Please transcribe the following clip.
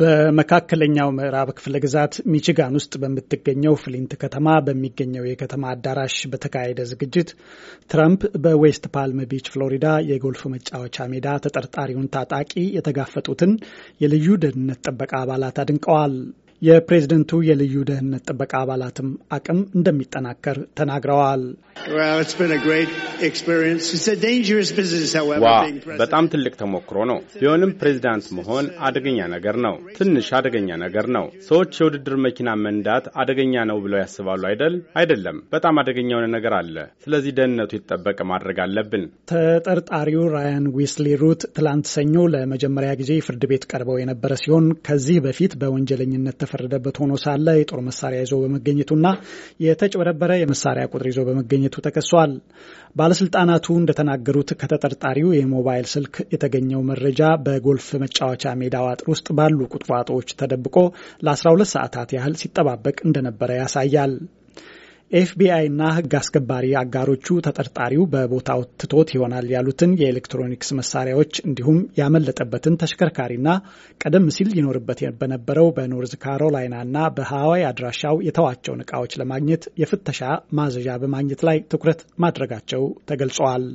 በመካከለኛው ምዕራብ ክፍለ ግዛት ሚችጋን ውስጥ በምትገኘው ፍሊንት ከተማ በሚገኘው የከተማ አዳራሽ በተካሄደ ዝግጅት ትራምፕ በዌስት ፓልም ቢች ፍሎሪዳ የጎልፍ መጫወቻ ሜዳ ተጠርጣሪውን ታጣቂ የተጋፈጡትን የልዩ ደህንነት ጥበቃ አባላት አድንቀዋል። የፕሬዝደንቱ የልዩ ደህንነት ጥበቃ አባላትም አቅም እንደሚጠናከር ተናግረዋል። ዋ በጣም ትልቅ ተሞክሮ ነው። ቢሆንም ፕሬዝዳንት መሆን አደገኛ ነገር ነው። ትንሽ አደገኛ ነገር ነው። ሰዎች የውድድር መኪና መንዳት አደገኛ ነው ብለው ያስባሉ አይደል? አይደለም። በጣም አደገኛ የሆነ ነገር አለ። ስለዚህ ደህንነቱ ይጠበቅ ማድረግ አለብን። ተጠርጣሪው ራያን ዊስሊ ሩት ትላንት ሰኞ ለመጀመሪያ ጊዜ ፍርድ ቤት ቀርበው የነበረ ሲሆን ከዚህ በፊት በወንጀለኝነት የተፈረደበት ሆኖ ሳለ የጦር መሳሪያ ይዞ በመገኘቱና የተጭበረበረ የመሳሪያ ቁጥር ይዞ በመገኘቱ ተከሷል። ባለስልጣናቱ እንደተናገሩት ከተጠርጣሪው የሞባይል ስልክ የተገኘው መረጃ በጎልፍ መጫወቻ ሜዳው አጥር ውስጥ ባሉ ቁጥቋጦዎች ተደብቆ ለ12 ሰዓታት ያህል ሲጠባበቅ እንደነበረ ያሳያል። ኤፍቢአይና ሕግ አስከባሪ አጋሮቹ ተጠርጣሪው በቦታው ትቶት ይሆናል ያሉትን የኤሌክትሮኒክስ መሳሪያዎች እንዲሁም ያመለጠበትን ተሽከርካሪና ቀደም ሲል ይኖርበት በነበረው በኖርዝ ካሮላይና እና በሃዋይ አድራሻው የተዋቸውን እቃዎች ለማግኘት የፍተሻ ማዘዣ በማግኘት ላይ ትኩረት ማድረጋቸው ተገልጸዋል።